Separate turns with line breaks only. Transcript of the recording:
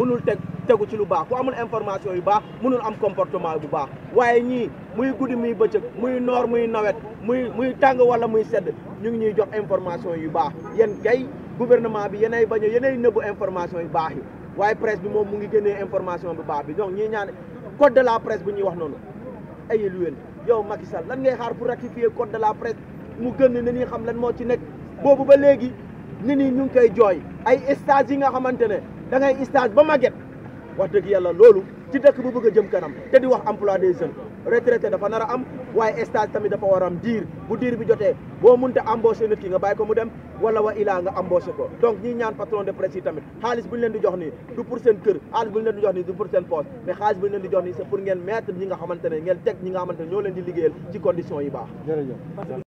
mënul teg tegu ci lu baax ku amul information yu baax mënul am comportement bu baax waaye ñii muy guddi muy bëccëg muy noor muy nawet muy muy tàng wala muy sedd ñu ngi ñuy jox information yu baax yéen kay gouvernement bi yenay bañ a yenay nëbbu information yu baax yi waaye presse bi moom mu ngi génnee information bu baax bi donc ñii ñaan code de la presse bu ñuy wax noonu ay lu ween yow Macky Sall lan ngay xaar pour rectifier code de la presse mu gën ne ni xam lan moo ci nekk boobu ba léegi nit ñi ñu ngi koy jooy ay stage yi nga xamante ne da ngay stage ba màgget wax dëgg yàlla loolu ci dëkk bu bëgg a jëm kanam te di wax emploi des jeunes retraité dafa nar a am waaye stage tamit dafa war a am diir bu diir bi jotee boo mënta embauché nit ki nga bàyyi ko mu dem wala wa ilaa nga embauché ko donc ñi ñaan patron de presse yi tamit xaalis bu ñu leen di jox nii du pour seen kër xaalis bu ñu leen di jox nii du pour seen poste mais xaalis bu ñu leen di jox nii c'est ngeen mettre ñi nga xamante ne ngeen teg ñi nga xamante ne ñoo